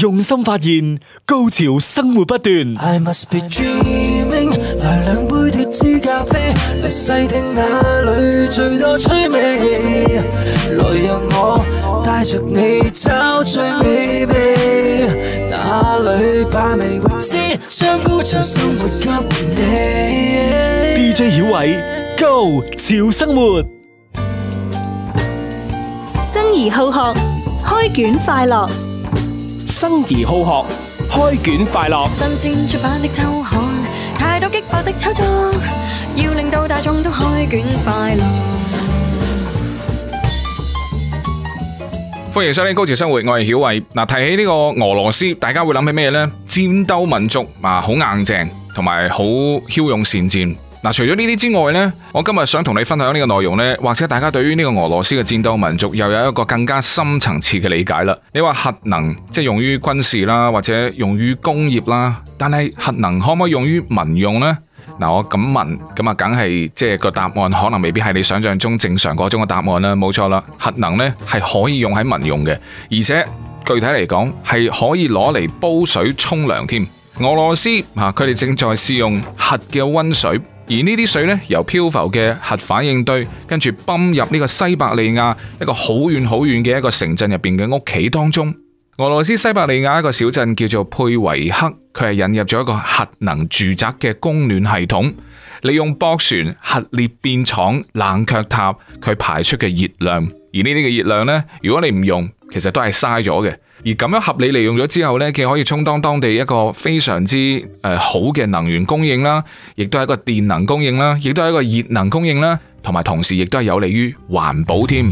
用心發現，高潮生活不斷。I must be dreaming，來兩杯脫脂咖啡，來細聽那裏最多趣味。來讓我帶着你找最美秘，哪裏把味先將高潮生活給你。DJ 曉偉，高潮生活，生而好學，開卷快樂。生而好學，開卷快樂。新鮮出版的周刊，太多激爆的炒作，要令到大眾都開卷快樂。歡迎收聽《高潮生活》，我係曉慧。嗱，提起呢個俄羅斯，大家會諗起咩呢？戰鬥民族啊，好硬淨，同埋好驍勇善戰。嗱，除咗呢啲之外呢，我今日想同你分享呢個內容呢，或者大家對於呢個俄羅斯嘅戰鬥民族又有一個更加深層次嘅理解啦。你話核能，即係用於軍事啦，或者用於工業啦，但係核能可唔可以用於民用呢？嗱，我咁問，咁啊，梗係即係個答案可能未必係你想象中正常嗰種嘅答案啦。冇錯啦，核能呢係可以用喺民用嘅，而且具體嚟講係可以攞嚟煲水沖涼添。俄羅斯啊，佢哋正在試用核嘅温水，而呢啲水呢，由漂浮嘅核反應堆跟住泵入呢個西伯利亞一個好遠好遠嘅一個城鎮入邊嘅屋企當中。俄羅斯西伯利亞一個小鎮叫做佩維克，佢係引入咗一個核能住宅嘅供暖系統，利用駁船核裂變廠冷卻塔佢排出嘅熱量。而呢啲嘅熱量呢，如果你唔用，其實都係嘥咗嘅。而咁樣合理利用咗之後呢，既可以充當當地一個非常之誒好嘅能源供應啦，亦都係一個電能供應啦，亦都係一個熱能供應啦，同埋同時亦都係有利於環保添。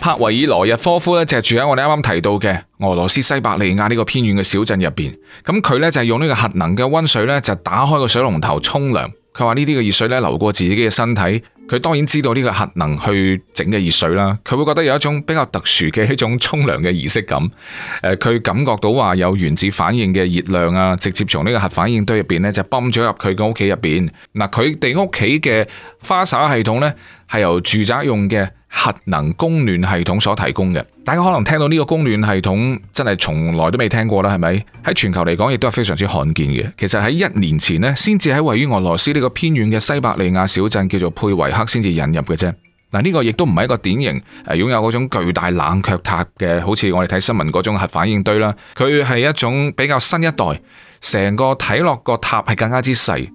帕維爾羅日科夫呢就住喺我哋啱啱提到嘅俄羅斯西伯利亞呢個偏遠嘅小鎮入邊，咁佢呢就係用呢個核能嘅溫水呢，就打開個水龍頭沖涼。佢話呢啲嘅熱水呢流過自己嘅身體，佢當然知道呢個核能去整嘅熱水啦，佢會覺得有一種比較特殊嘅一種沖涼嘅儀式感。誒，佢感覺到話有原子反應嘅熱量啊，直接從呢個核反應堆入邊呢就泵咗入佢嘅屋企入邊。嗱，佢哋屋企嘅花灑系統呢係由住宅用嘅核能供暖系統所提供嘅，大家可能聽到呢個供暖系統真係從來都未聽過啦，係咪？喺全球嚟講，亦都係非常之罕見嘅。其實喺一年前呢，先至喺位於俄羅斯呢個偏遠嘅西伯利亞小鎮叫做佩維克先至引入嘅啫。嗱，呢個亦都唔係一個典型誒，擁有嗰種巨大冷卻塔嘅，好似我哋睇新聞嗰種核反應堆啦。佢係一種比較新一代，成個睇落個塔係更加之細。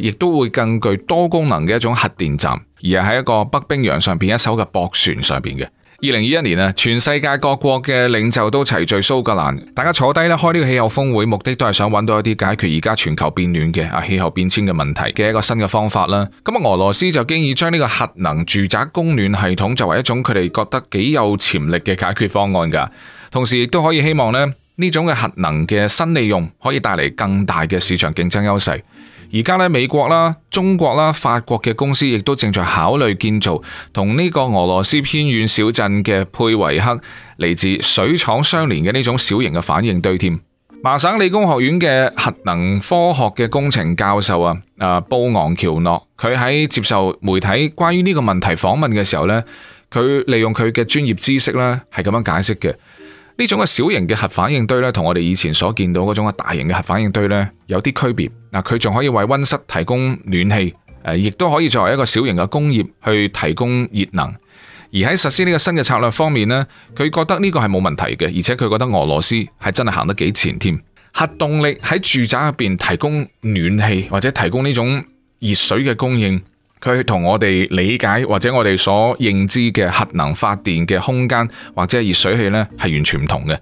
亦都會更具多功能嘅一種核電站，而係喺一個北冰洋上邊一艘嘅駁船上邊嘅。二零二一年啊，全世界各國嘅領袖都齊聚蘇格蘭，大家坐低咧開呢個氣候峰會，目的都係想揾到一啲解決而家全球變暖嘅啊氣候變遷嘅問題嘅一個新嘅方法啦。咁啊，俄羅斯就經已將呢個核能住宅供暖系統作為一種佢哋覺得幾有潛力嘅解決方案㗎，同時亦都可以希望咧呢種嘅核能嘅新利用可以帶嚟更大嘅市場競爭優勢。而家咧，美國啦、中國啦、法國嘅公司亦都正在考慮建造同呢個俄羅斯偏遠小鎮嘅佩維克嚟自水廠相連嘅呢種小型嘅反應堆添。麻省理工學院嘅核能科學嘅工程教授啊，啊布昂喬諾，佢喺接受媒體關於呢個問題訪問嘅時候呢，佢利用佢嘅專業知識啦，係咁樣解釋嘅。呢種嘅小型嘅核反應堆呢，同我哋以前所見到嗰種嘅大型嘅核反應堆呢，有啲區別。嗱，佢仲可以為溫室提供暖氣，亦都可以作為一個小型嘅工業去提供熱能。而喺實施呢個新嘅策略方面呢，佢覺得呢個係冇問題嘅，而且佢覺得俄羅斯係真係行得幾前添。核動力喺住宅入邊提供暖氣，或者提供呢種熱水嘅供應。佢同我哋理解或者我哋所認知嘅核能發電嘅空間或者熱水器咧係完全唔同嘅。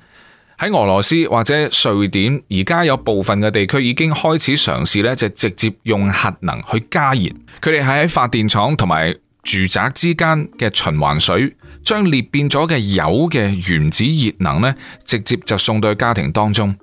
喺俄羅斯或者瑞典，而家有部分嘅地區已經開始嘗試咧，就直接用核能去加熱。佢哋喺發電廠同埋住宅之間嘅循環水，將裂變咗嘅鈾嘅原子熱能咧，直接就送到去家庭當中。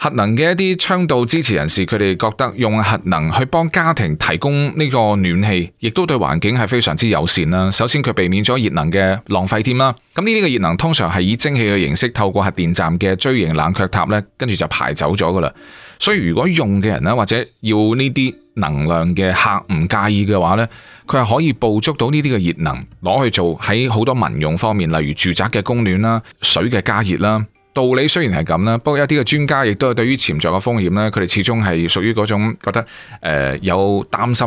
核能嘅一啲倡導支持人士，佢哋覺得用核能去幫家庭提供呢個暖氣，亦都對環境係非常之友善啦。首先佢避免咗熱能嘅浪費添啦。咁呢啲嘅熱能通常係以蒸汽嘅形式透過核電站嘅錐形冷卻塔咧，跟住就排走咗噶啦。所以如果用嘅人啦，或者要呢啲能量嘅客唔介意嘅話呢，佢係可以捕捉到呢啲嘅熱能攞去做喺好多民用方面，例如住宅嘅供暖啦、水嘅加熱啦。道理雖然係咁啦，不過一啲嘅專家亦都係對於潛在嘅風險呢，佢哋始終係屬於嗰種覺得誒、呃、有擔心。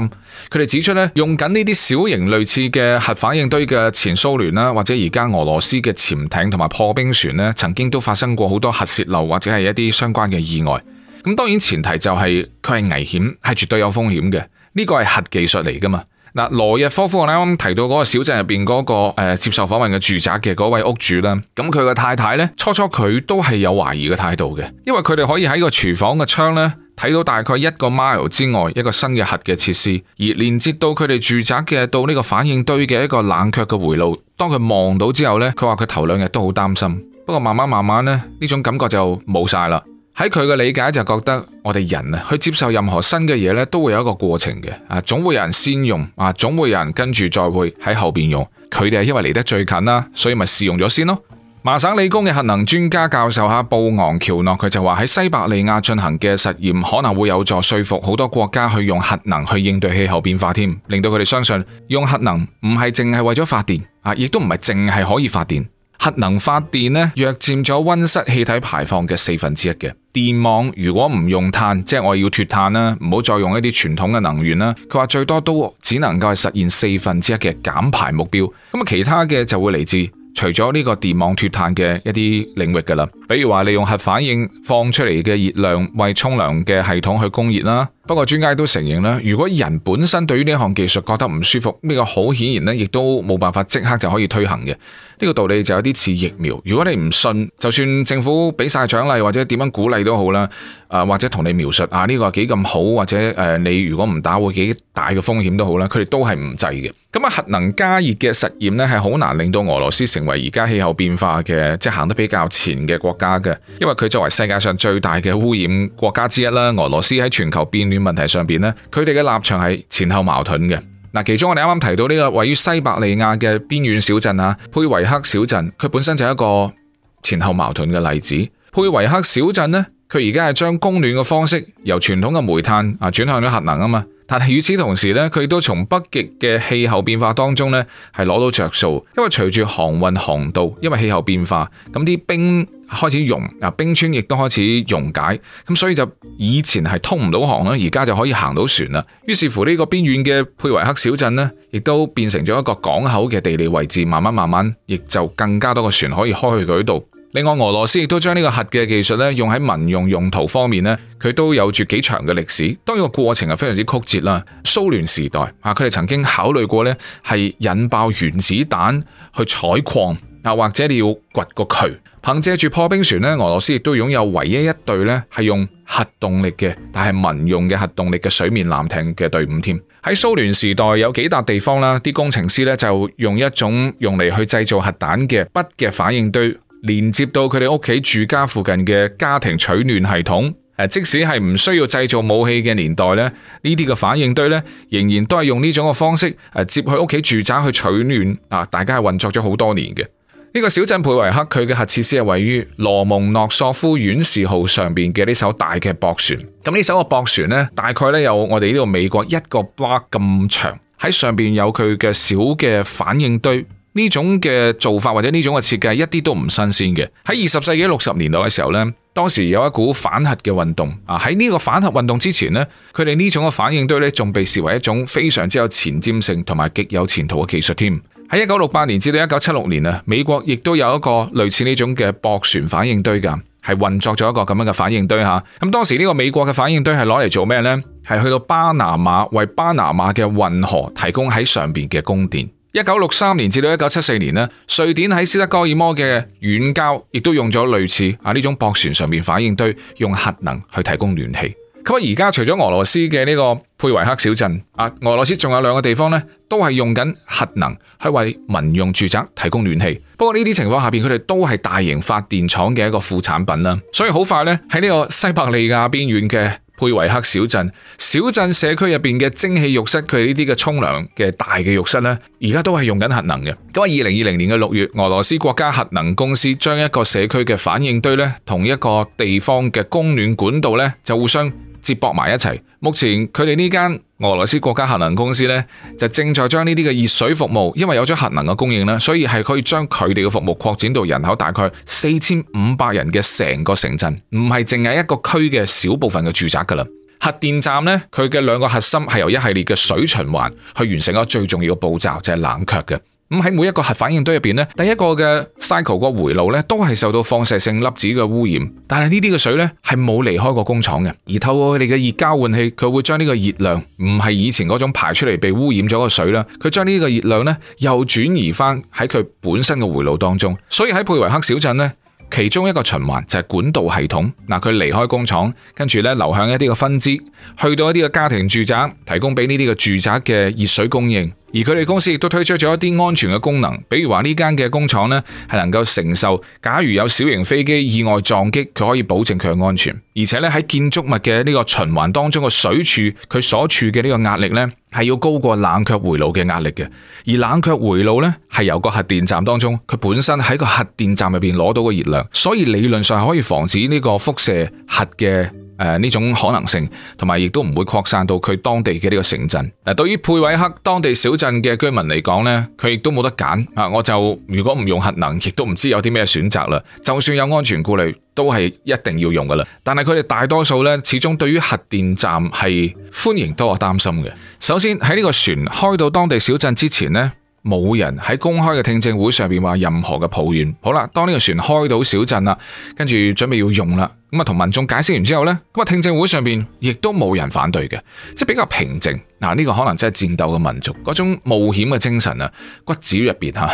佢哋指出呢，用緊呢啲小型類似嘅核反應堆嘅前蘇聯啦，或者而家俄羅斯嘅潛艇同埋破冰船呢，曾經都發生過好多核洩漏或者係一啲相關嘅意外。咁當然前提就係佢係危險，係絕對有風險嘅。呢個係核技術嚟噶嘛。嗱，羅日科夫，我啱啱提到嗰個小鎮入面嗰、嗰個誒、呃、接受訪問嘅住宅嘅嗰位屋主啦，咁佢嘅太太呢，初初佢都係有懷疑嘅態度嘅，因為佢哋可以喺個廚房嘅窗呢睇到大概一個 mile 之外一個新嘅核嘅設施，而連接到佢哋住宅嘅到呢個反應堆嘅一個冷卻嘅回路。當佢望到之後呢，佢話佢頭兩日都好擔心，不過慢慢慢慢呢，呢種感覺就冇晒啦。喺佢嘅理解就覺得我哋人啊去接受任何新嘅嘢咧都會有一個過程嘅啊，總會有人先用啊，總會有人跟住再會喺後邊用。佢哋係因為嚟得最近啦，所以咪試用咗先咯。麻省理工嘅核能專家教授哈布昂喬諾佢就話喺西伯利亞進行嘅實驗可能會有助說服好多國家去用核能去應對氣候變化添，令到佢哋相信用核能唔係淨係為咗發電啊，亦都唔係淨係可以發電。核能發電呢，約佔咗温室氣體排放嘅四分之一嘅電網。如果唔用碳，即係我要脫碳啦，唔好再用一啲傳統嘅能源啦。佢話最多都只能夠係實現四分之一嘅減排目標。咁啊，其他嘅就會嚟自除咗呢個電網脫碳嘅一啲領域噶啦，比如話利用核反應放出嚟嘅熱量為沖涼嘅系統去供熱啦。不過專家都承認咧，如果人本身對於呢一項技術覺得唔舒服，呢個好顯然呢，亦都冇辦法即刻就可以推行嘅。呢個道理就有啲似疫苗。如果你唔信，就算政府俾晒獎勵或者點樣鼓勵都好啦，或者同你描述啊呢個幾咁好，或者誒你如果唔打會幾大嘅風險都好啦，佢哋都係唔制嘅。咁啊核能加熱嘅實驗呢，係好難令到俄羅斯成為而家氣候變化嘅即係行得比較前嘅國家嘅，因為佢作為世界上最大嘅污染國家之一啦，俄羅斯喺全球變暖問題上邊咧，佢哋嘅立場係前後矛盾嘅。嗱，其中我哋啱啱提到呢個位於西伯利亞嘅邊遠小鎮啊，佩維克小鎮，佢本身就係一個前後矛盾嘅例子。佩維克小鎮呢，佢而家係將供暖嘅方式由傳統嘅煤炭啊轉向咗核能啊嘛。但係與此同時呢，佢都從北極嘅氣候變化當中呢，係攞到着數，因為隨住航運航道，因為氣候變化，咁啲冰開始融，嗱冰川亦都開始溶解，咁所以就以前係通唔到航啦，而家就可以行到船啦。於是乎呢個邊遠嘅佩維克小鎮呢，亦都變成咗一個港口嘅地理位置，慢慢慢慢，亦就更加多個船可以開去佢度。另外，俄羅斯亦都將呢個核嘅技術咧用喺民用用途方面咧，佢都有住幾長嘅歷史。當然個過程係非常之曲折啦。蘇聯時代啊，佢哋曾經考慮過咧係引爆原子彈去採礦，啊或者你要掘個渠。憑借住破冰船咧，俄羅斯亦都擁有唯一一隊咧係用核動力嘅，但係民用嘅核動力嘅水面艦艇嘅隊伍添。喺蘇聯時代有幾笪地方啦，啲工程師咧就用一種用嚟去製造核彈嘅鈈嘅反應堆。連接到佢哋屋企住家附近嘅家庭取暖系統，誒，即使係唔需要製造武器嘅年代咧，呢啲嘅反應堆呢，仍然都係用呢種嘅方式誒接佢屋企住宅去取暖啊！大家係運作咗好多年嘅。呢個小鎮佩維克，佢嘅核設施係位於羅蒙諾索夫院士號上邊嘅呢艘大嘅駁船。咁呢艘嘅駁船呢，大概呢，有我哋呢度美國一個 block 咁長，喺上邊有佢嘅小嘅反應堆。呢種嘅做法或者呢種嘅設計一啲都唔新鮮嘅。喺二十世紀六十年代嘅時候呢，當時有一股反核嘅運動啊。喺呢個反核運動之前呢，佢哋呢種嘅反應堆呢，仲被視為一種非常之有前瞻性同埋極有前途嘅技術添。喺一九六八年至到一九七六年啊，美國亦都有一個類似呢種嘅駁船反應堆噶，係運作咗一個咁樣嘅反應堆吓。咁當時呢個美國嘅反應堆係攞嚟做咩呢？係去到巴拿馬為巴拿馬嘅運河提供喺上邊嘅供電。一九六三年至到一九七四年咧，瑞典喺斯德哥爾摩嘅遠郊，亦都用咗類似啊呢種駁船上面反應堆，用核能去提供暖氣。咁啊，而家除咗俄羅斯嘅呢個佩維克小鎮啊，俄羅斯仲有兩個地方呢都係用緊核能去為民用住宅提供暖氣。不過呢啲情況下面，佢哋都係大型發電廠嘅一個副產品啦。所以好快呢，喺呢個西伯利亞邊緣嘅。佩維克小鎮小鎮社區入邊嘅蒸汽浴室，佢呢啲嘅沖涼嘅大嘅浴室呢，而家都係用緊核能嘅。咁啊，二零二零年嘅六月，俄羅斯國家核能公司將一個社區嘅反應堆呢，同一個地方嘅供暖管道呢，就互相接駁埋一齊。目前佢哋呢間。俄羅斯國家核能公司咧就正在將呢啲嘅熱水服務，因為有咗核能嘅供應啦，所以係可以將佢哋嘅服務擴展到人口大概四千五百人嘅成個城鎮，唔係淨係一個區嘅小部分嘅住宅噶啦。核電站呢，佢嘅兩個核心係由一系列嘅水循環去完成咯，最重要嘅步驟就係冷卻嘅。咁喺每一個核反應堆入邊咧，第一個嘅 cycle 個回路咧，都係受到放射性粒子嘅污染。但係呢啲嘅水咧，係冇離開個工廠嘅，而透過佢哋嘅熱交換器，佢會將呢個熱量，唔係以前嗰種排出嚟被污染咗嘅水啦，佢將呢個熱量咧，又轉移翻喺佢本身嘅回路當中。所以喺佩維克小鎮呢，其中一個循環就係管道系統。嗱，佢離開工廠，跟住呢流向一啲嘅分支，去到一啲嘅家庭住宅，提供俾呢啲嘅住宅嘅熱水供應。而佢哋公司亦都推出咗一啲安全嘅功能，比如話呢間嘅工廠呢，係能夠承受，假如有小型飛機意外撞擊，佢可以保證佢嘅安全。而且呢，喺建築物嘅呢個循環當中嘅水柱，佢所處嘅呢個壓力呢，係要高過冷卻回路嘅壓力嘅。而冷卻回路呢，係由個核電站當中，佢本身喺個核電站入邊攞到嘅熱量，所以理論上可以防止呢個輻射核嘅。誒，呢種可能性，同埋亦都唔會擴散到佢當地嘅呢個城鎮。嗱，對於佩韋克當地小鎮嘅居民嚟講呢，佢亦都冇得揀啊！我就如果唔用核能，亦都唔知有啲咩選擇啦。就算有安全顧慮，都係一定要用噶啦。但係佢哋大多數咧，始終對於核電站係歡迎多過擔心嘅。首先喺呢個船開到當地小鎮之前呢。冇人喺公開嘅聽證會上邊話任何嘅抱怨。好啦，當呢個船開到小鎮啦，跟住準備要用啦，咁啊同民眾解釋完之後呢，咁啊聽證會上邊亦都冇人反對嘅，即係比較平靜。嗱，呢個可能真係戰鬥嘅民族嗰種冒險嘅精神啊，骨子入邊吓。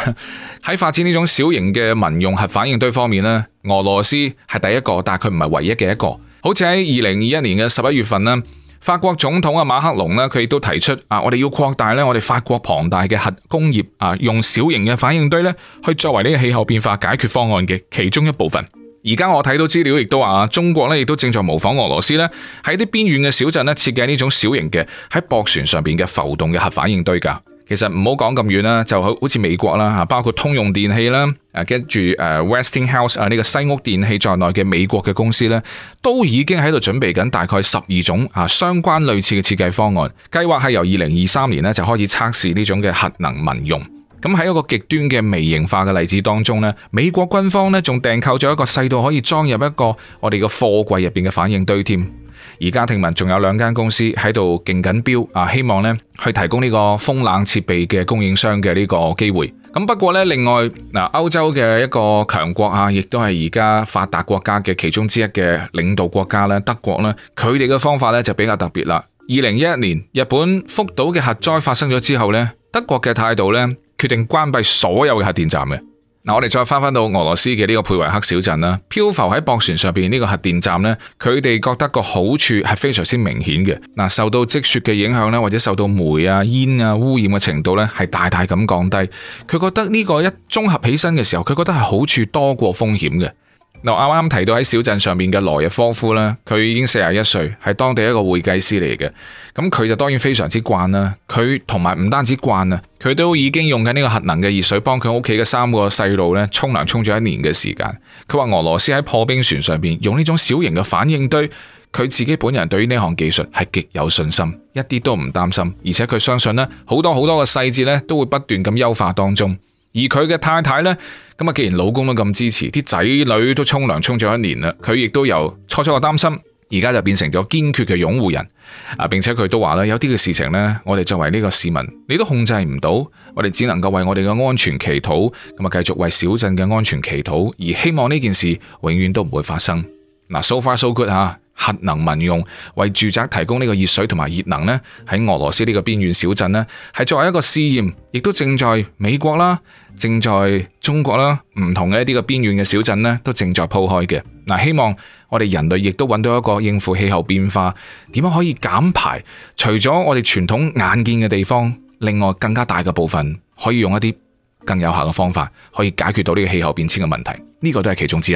喺 發展呢種小型嘅民用核反應堆方面呢，俄羅斯係第一個，但係佢唔係唯一嘅一個。好似喺二零二一年嘅十一月份呢。法國總統啊，馬克龍啦，佢亦都提出啊，我哋要擴大咧，我哋法國龐大嘅核工業啊，用小型嘅反應堆咧，去作為呢個氣候變化解決方案嘅其中一部分。而家我睇到資料，亦都話中國咧，亦都正在模仿俄羅斯咧，喺啲邊遠嘅小鎮咧，設計呢種小型嘅喺駁船上邊嘅浮動嘅核反應堆㗎。其實唔好講咁遠啦，就好好似美國啦，吓，包括通用電器啦，啊跟住誒 Westinghouse 啊呢個西屋電器在內嘅美國嘅公司呢，都已經喺度準備緊大概十二種啊，相關類似嘅設計方案，計劃係由二零二三年呢，就開始測試呢種嘅核能民用。咁喺一個極端嘅微型化嘅例子當中呢，美國軍方呢，仲訂購咗一個細到可以裝入一個我哋嘅貨櫃入邊嘅反應堆添。而家聽聞仲有兩間公司喺度競緊標啊，希望咧去提供呢個風冷設備嘅供應商嘅呢個機會。咁不過咧，另外嗱，歐洲嘅一個強國啊，亦都係而家發達國家嘅其中之一嘅領導國家咧，德國咧，佢哋嘅方法咧就比較特別啦。二零一一年日本福島嘅核災發生咗之後咧，德國嘅態度咧決定關閉所有嘅核電站嘅。我哋再翻翻到俄羅斯嘅呢個佩維克小鎮啦，漂浮喺駁船上邊呢個核電站呢，佢哋覺得個好處係非常之明顯嘅。嗱，受到積雪嘅影響呢，或者受到煤啊、煙啊污染嘅程度呢，係大大咁降低。佢覺得呢個一綜合起身嘅時候，佢覺得係好處多過風險嘅。嗱，啱啱提到喺小鎮上面嘅羅日科夫啦，佢已經四十一歲，係當地一個會計師嚟嘅。咁佢就當然非常之慣啦。佢同埋唔單止慣啦，佢都已經用緊呢個核能嘅熱水幫佢屋企嘅三個細路呢沖涼，沖咗一年嘅時間。佢話俄羅斯喺破冰船上邊用呢種小型嘅反應堆，佢自己本人對於呢項技術係極有信心，一啲都唔擔心。而且佢相信呢，好多好多嘅細節呢都會不斷咁優化當中。而佢嘅太太呢，咁啊，既然老公都咁支持，啲仔女都沖涼沖咗一年啦，佢亦都由初初嘅擔心，而家就變成咗堅決嘅擁護人啊！並且佢都話啦，有啲嘅事情呢，我哋作為呢個市民，你都控制唔到，我哋只能夠為我哋嘅安全祈禱，咁啊，繼續為小鎮嘅安全祈禱，而希望呢件事永遠都唔會發生。嗱，so far so good 嚇。核能民用為住宅提供呢個熱水同埋熱能呢，喺俄羅斯呢個邊緣小鎮呢，係作為一個試驗，亦都正在美國啦，正在中國啦，唔同嘅一啲嘅邊緣嘅小鎮呢，都正在鋪開嘅。嗱，希望我哋人類亦都揾到一個應付氣候變化，點樣可以減排？除咗我哋傳統眼見嘅地方，另外更加大嘅部分可以用一啲更有效嘅方法，可以解決到呢個氣候變遷嘅問題。呢個都係其中之一。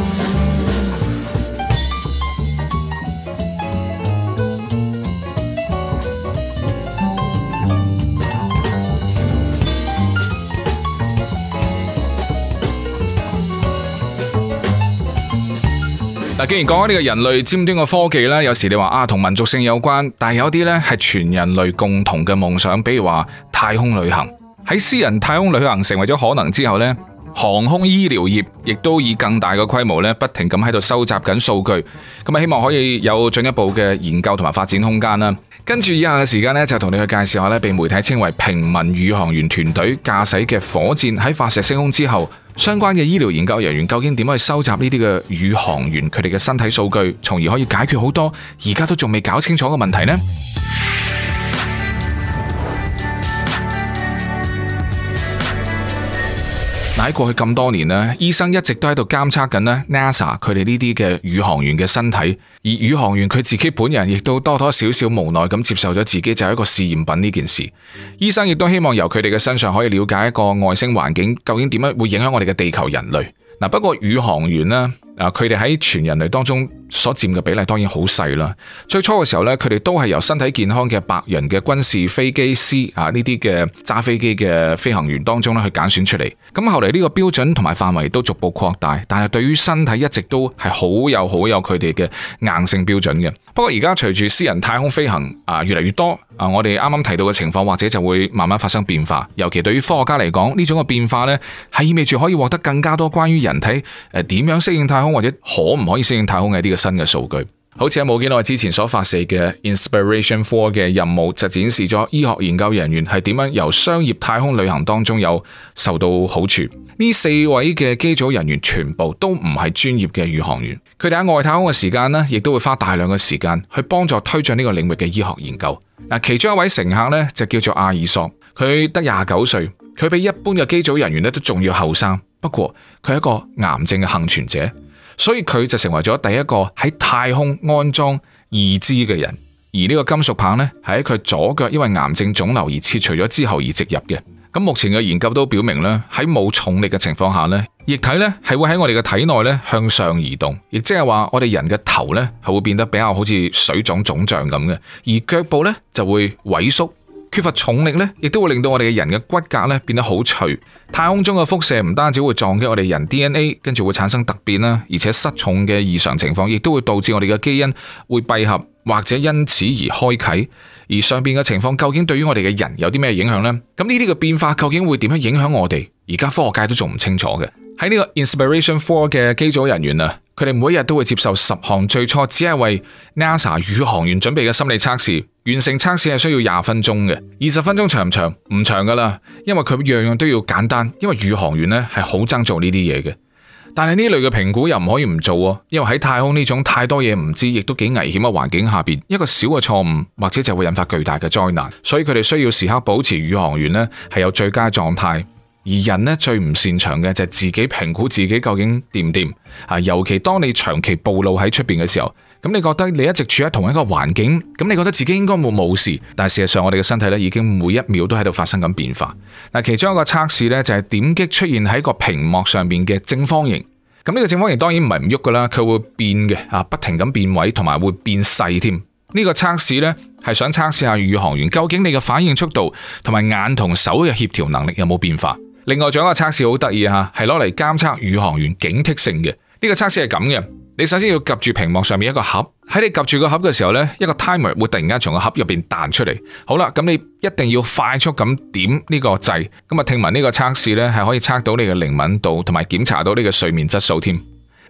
嗱，既然講呢個人類尖端嘅科技咧，有時你話啊同民族性有關，但係有啲呢係全人類共同嘅夢想，比如話太空旅行。喺私人太空旅行成為咗可能之後呢，航空醫療業亦都以更大嘅規模呢，不停咁喺度收集緊數據，咁啊希望可以有進一步嘅研究同埋發展空間啦。跟住以下嘅時間呢，就同你去介紹下呢被媒體稱為平民宇航員團隊駕駛嘅火箭喺發射升空之後。相關嘅醫療研究人員究竟點樣去收集呢啲嘅宇航員佢哋嘅身體數據，從而可以解決好多而家都仲未搞清楚嘅問題呢？喺過去咁多年呢，醫生一直都喺度監測緊呢 NASA 佢哋呢啲嘅宇航員嘅身體，而宇航員佢自己本人亦都多多少少無奈咁接受咗自己就係一個試驗品呢件事。醫生亦都希望由佢哋嘅身上可以了解一個外星環境究竟點樣會影響我哋嘅地球人類。嗱，不過宇航員呢。嗱，佢哋喺全人類當中所佔嘅比例當然好細啦。最初嘅時候咧，佢哋都係由身體健康嘅白人嘅軍事飛機師啊呢啲嘅揸飛機嘅飛行員當中咧去揀選出嚟。咁後嚟呢個標準同埋範圍都逐步擴大，但係對於身體一直都係好有好有佢哋嘅硬性標準嘅。不過而家隨住私人太空飛行啊越嚟越多，啊我哋啱啱提到嘅情況或者就會慢慢發生變化。尤其對於科學家嚟講，呢種嘅變化咧，係意味住可以獲得更加多關於人體誒點樣適應太空。或者可唔可以適應太空嘅一啲嘅新嘅數據？好似喺冇幾耐之前所發射嘅 Inspiration Four 嘅任務就展示咗醫學研究人員係點樣由商業太空旅行當中有受到好處。呢四位嘅機組人員全部都唔係專業嘅宇航員，佢哋喺外太空嘅時間呢亦都會花大量嘅時間去幫助推進呢個領域嘅醫學研究。嗱，其中一位乘客呢就叫做阿爾索，佢得廿九歲，佢比一般嘅機組人員呢都仲要後生。不過佢係一個癌症嘅幸存者。所以佢就成為咗第一個喺太空安裝義肢嘅人，而呢個金屬棒呢，係喺佢左腳因為癌症腫瘤而切除咗之後而植入嘅。咁目前嘅研究都表明呢，喺冇重力嘅情況下呢，液體呢係會喺我哋嘅體內呢向上移動，亦即係話我哋人嘅頭呢係會變得比較好似水腫腫脹咁嘅，而腳部呢就會萎縮。缺乏重力咧，亦都會令到我哋嘅人嘅骨骼咧變得好脆。太空中嘅輻射唔單止會撞擊我哋人 DNA，跟住會產生突變啦，而且失重嘅異常情況亦都會導致我哋嘅基因會閉合或者因此而開啟。而上邊嘅情況究竟對於我哋嘅人有啲咩影響呢？咁呢啲嘅變化究竟會點樣影響我哋？而家科學界都仲唔清楚嘅。喺呢個 Inspiration Four 嘅機組人員啊，佢哋每日都會接受十項最初只係為 NASA 宇航員準備嘅心理測試。完成測試係需要廿分鐘嘅，二十分鐘長唔長？唔長㗎喇，因為佢樣樣都要簡單，因為宇航員呢係好憎做呢啲嘢嘅。但係呢類嘅評估又唔可以唔做啊，因為喺太空呢種太多嘢唔知，亦都幾危險嘅環境下邊，一個小嘅錯誤或者就會引發巨大嘅災難，所以佢哋需要時刻保持宇航員呢係有最佳狀態。而人呢，最唔擅長嘅就係自己評估自己究竟掂唔掂啊，尤其當你長期暴露喺出邊嘅時候。咁你覺得你一直處喺同一個環境，咁你覺得自己應該會冇事，但係事實上我哋嘅身體咧已經每一秒都喺度發生緊變化。嗱，其中一個測試呢，就係點擊出現喺個屏幕上面嘅正方形，咁呢個正方形當然唔係唔喐噶啦，佢會變嘅啊，不停咁變位，同埋會變細添。呢個測試呢，係想測試下宇航員究竟你嘅反應速度同埋眼同手嘅協調能力有冇變化。另外仲有一個測試好得意啊，係攞嚟監測宇航員警惕性嘅。呢個測試係咁嘅。你首先要夾住屏幕上面一個盒，喺你夾住個盒嘅時候，呢一個 timer 會突然間從個盒入面彈出嚟。好啦，咁你一定要快速咁點呢個掣。咁啊，聽聞呢個測試呢，係可以測到你嘅靈敏度，同埋檢查到你嘅睡眠質素添。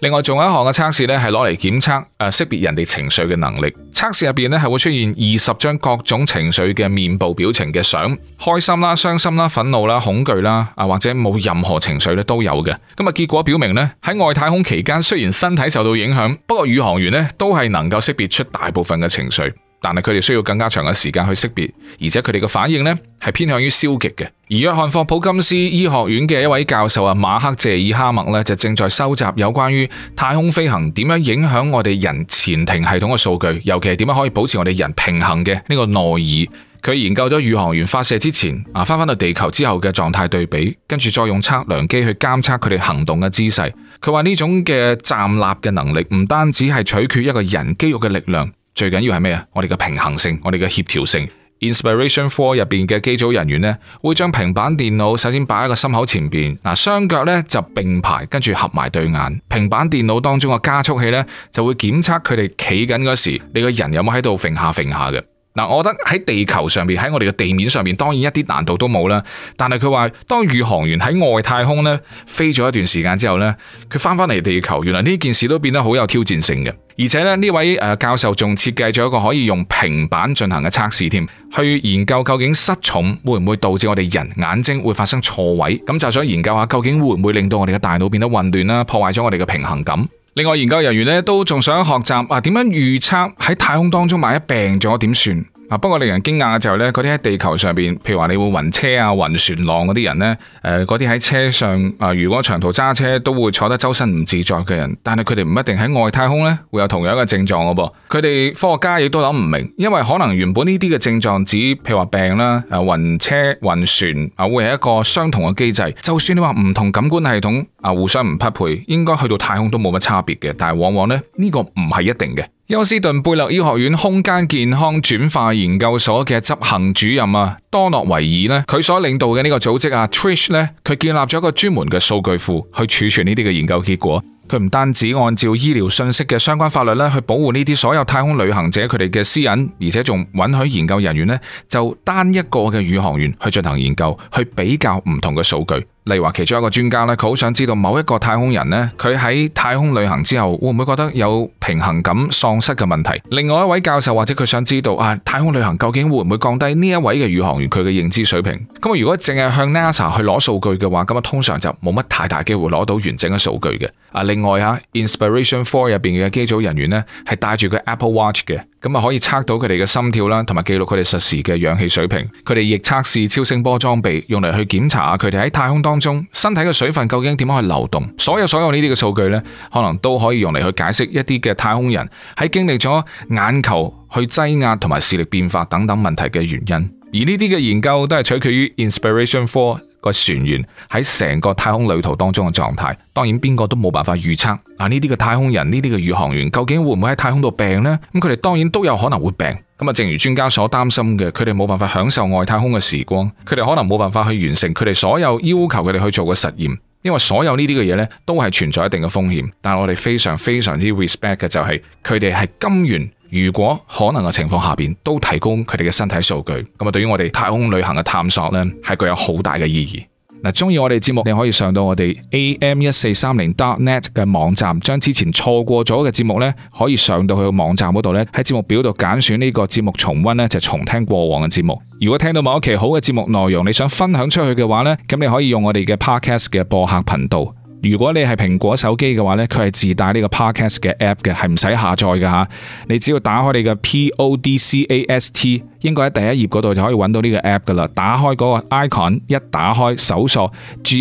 另外仲有一項嘅測試咧，係攞嚟檢測誒識別人哋情緒嘅能力。測試入面咧，係會出現二十張各種情緒嘅面部表情嘅相，開心啦、傷心啦、憤怒啦、恐懼啦，或者冇任何情緒咧都有嘅。咁啊結果表明咧，喺外太空期間，雖然身體受到影響，不過宇航員咧都係能夠識別出大部分嘅情緒。但係佢哋需要更加長嘅時間去識別，而且佢哋嘅反應呢係偏向於消極嘅。而約翰霍普金斯醫學院嘅一位教授啊，馬克謝爾哈默呢，就正在收集有關於太空飛行點樣影響我哋人前庭系統嘅數據，尤其係點樣可以保持我哋人平衡嘅呢個內耳。佢研究咗宇航員發射之前啊，翻翻到地球之後嘅狀態對比，跟住再用測量機去監測佢哋行動嘅姿勢。佢話呢種嘅站立嘅能力唔單止係取決一個人肌肉嘅力量。最緊要係咩啊？我哋嘅平衡性，我哋嘅協調性。Inspiration Four 入邊嘅機組人員呢，會將平板電腦首先擺喺個心口前面，嗱，雙腳呢就並排，跟住合埋對眼。平板電腦當中嘅加速器呢，就會檢測佢哋企緊嗰時，你個人有冇喺度揈下揈下嘅。嗱，我覺得喺地球上邊，喺我哋嘅地面上面，當然一啲難度都冇啦。但係佢話，當宇航員喺外太空呢飛咗一段時間之後呢，佢翻返嚟地球，原來呢件事都變得好有挑戰性嘅。而且呢，呢位誒教授仲設計咗一個可以用平板進行嘅測試添，去研究究竟失重會唔會導致我哋人眼睛會發生錯位？咁就想研究下究竟會唔會令到我哋嘅大腦變得混亂啦，破壞咗我哋嘅平衡感。另外研究人員咧都仲想學習啊，點樣預測喺太空當中萬一病咗點算？啊！不過令人驚訝嘅就係咧，嗰啲喺地球上邊，譬如話你會暈車啊、暈船浪嗰啲人咧，誒嗰啲喺車上啊，如果長途揸車都會坐得周身唔自在嘅人，但係佢哋唔一定喺外太空咧會有同樣嘅症狀嘅噃。佢哋科學家亦都諗唔明，因為可能原本呢啲嘅症狀指，譬如話病啦、誒暈車、暈船啊，會係一個相同嘅機制。就算你話唔同感官系統啊互相唔匹配，應該去到太空都冇乜差別嘅，但係往往咧呢個唔係一定嘅。休斯頓貝勒醫學院空間健康轉化研究所嘅執行主任啊，多諾維爾咧，佢所領導嘅呢個組織啊，Trish 咧，佢建立咗一個專門嘅數據庫去儲存呢啲嘅研究結果。佢唔單止按照醫療信息嘅相關法律咧，去保護呢啲所有太空旅行者佢哋嘅私隱，而且仲允許研究人員咧，就單一個嘅宇航員去進行研究，去比較唔同嘅數據。例如話其中一個專家咧，佢好想知道某一個太空人咧，佢喺太空旅行之後會唔會覺得有平衡感喪失嘅問題？另外一位教授或者佢想知道啊，太空旅行究竟會唔會降低呢一位嘅宇航員佢嘅認知水平？咁啊，如果淨係向 NASA 去攞數據嘅話，咁啊通常就冇乜太大機會攞到完整嘅數據嘅。啊，另外啊，Inspiration Four 入邊嘅機組人員咧係帶住佢 Apple Watch 嘅，咁啊可以測到佢哋嘅心跳啦，同埋記錄佢哋實時嘅氧氣水平。佢哋亦測試超聲波裝備，用嚟去檢查啊佢哋喺太空當。當中身體嘅水分究竟點樣去流動？所有所有呢啲嘅數據呢，可能都可以用嚟去解釋一啲嘅太空人喺經歷咗眼球去擠壓同埋視力變化等等問題嘅原因。而呢啲嘅研究都係取決於 Inspiration4 個船員喺成個太空旅途當中嘅狀態。當然邊個都冇辦法預測，嗱，呢啲嘅太空人呢啲嘅宇航員究竟會唔會喺太空度病呢？咁佢哋當然都有可能會病。咁啊，正如專家所擔心嘅，佢哋冇辦法享受外太空嘅時光，佢哋可能冇辦法去完成佢哋所有要求佢哋去做嘅實驗，因為所有呢啲嘅嘢呢，都係存在一定嘅風險。但係我哋非常非常之 respect 嘅就係佢哋係甘願。如果可能嘅情況下邊，都提供佢哋嘅身體數據，咁啊，對於我哋太空旅行嘅探索呢，係具有好大嘅意義。嗱，中意我哋節目，你可以上到我哋 am 一四三零 dot net 嘅網站，將之前錯過咗嘅節目呢，可以上到佢嘅網站嗰度呢，喺節目表度揀選呢個節目重溫呢，就重聽過往嘅節目。如果聽到某一期好嘅節目內容，你想分享出去嘅話呢，咁你可以用我哋嘅 podcast 嘅播客頻道。如果你係蘋果手機嘅話呢，佢係自帶呢個 Podcast 嘅 App 嘅，係唔使下載嘅嚇。你只要打開你嘅 Podcast。應該喺第一頁嗰度就可以揾到呢個 app 噶啦，打開嗰個 icon，一打開搜索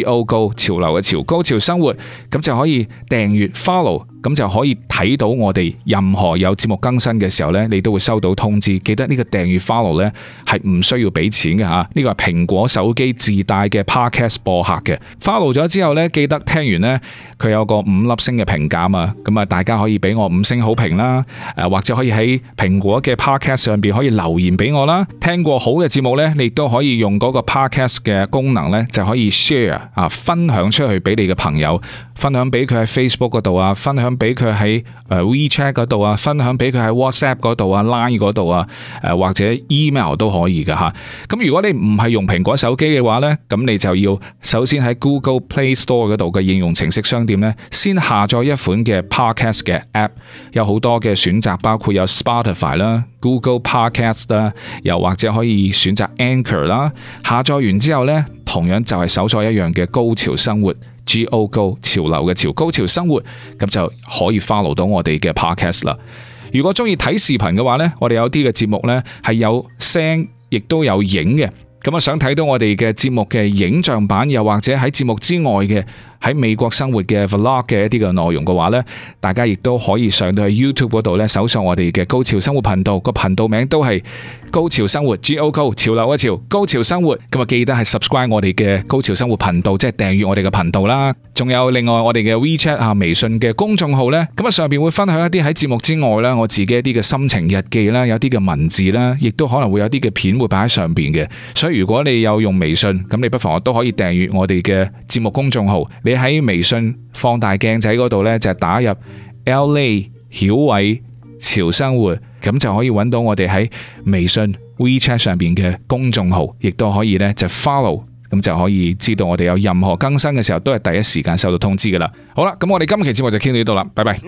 Go Go 潮流嘅潮高潮生活，咁就可以訂閱 follow，咁就可以睇到我哋任何有節目更新嘅時候呢，你都會收到通知。記得呢個訂閱 follow 呢，係唔需要俾錢嘅嚇，呢個係蘋果手機自帶嘅 podcast 播客嘅 follow 咗之後呢，記得聽完呢，佢有個五粒星嘅評價啊，咁啊大家可以俾我五星好評啦，誒或者可以喺蘋果嘅 podcast 上面可以留言俾。我啦，聽過好嘅節目咧，你都可以用嗰個 podcast 嘅功能咧，就可以 share 啊，分享出去俾你嘅朋友。分享俾佢喺 Facebook 度啊，分享俾佢喺誒 WeChat 度啊，分享俾佢喺 WhatsApp 度啊、Line 度啊，誒或者 email 都可以噶吓。咁如果你唔係用蘋果手機嘅話呢，咁你就要首先喺 Google Play Store 嗰度嘅應用程式商店呢，先下載一款嘅 Podcast 嘅 App，有好多嘅選擇，包括有 Spotify 啦、Google Podcast 啦，又或者可以選擇 Anchor 啦。下載完之後呢，同樣就係搜索一樣嘅高潮生活。G O Go 潮流嘅潮高潮生活，咁就可以 follow 到我哋嘅 podcast 啦。如果中意睇視頻嘅話呢，我哋有啲嘅節目呢係有聲，亦都有影嘅。咁啊，想睇到我哋嘅節目嘅影像版，又或者喺節目之外嘅喺美國生活嘅 Vlog 嘅一啲嘅內容嘅話呢，大家亦都可以上到去 YouTube 嗰度呢，搜索我哋嘅高潮生活頻道，個頻道名都係高潮生活 g o c 潮流一潮高潮生活。咁啊、OK，高潮生活記得係 subscribe 我哋嘅高潮生活頻道，即係訂閱我哋嘅頻道啦。仲有另外我哋嘅 WeChat 啊，微信嘅公眾號呢，咁啊上邊會分享一啲喺節目之外呢，我自己一啲嘅心情日記啦，有啲嘅文字啦，亦都可能會有啲嘅片會擺喺上邊嘅，所以。如果你有用微信，咁你不妨都可以訂閱我哋嘅節目公眾號。你喺微信放大鏡仔度咧，就打入 LA 曉偉潮生活，咁就可以揾到我哋喺微信 WeChat 上面嘅公眾號，亦都可以咧就 follow。咁就可以知道我哋有任何更新嘅時候，都係第一時間收到通知噶啦。好啦，咁我哋今期節目就傾到呢度啦，拜拜。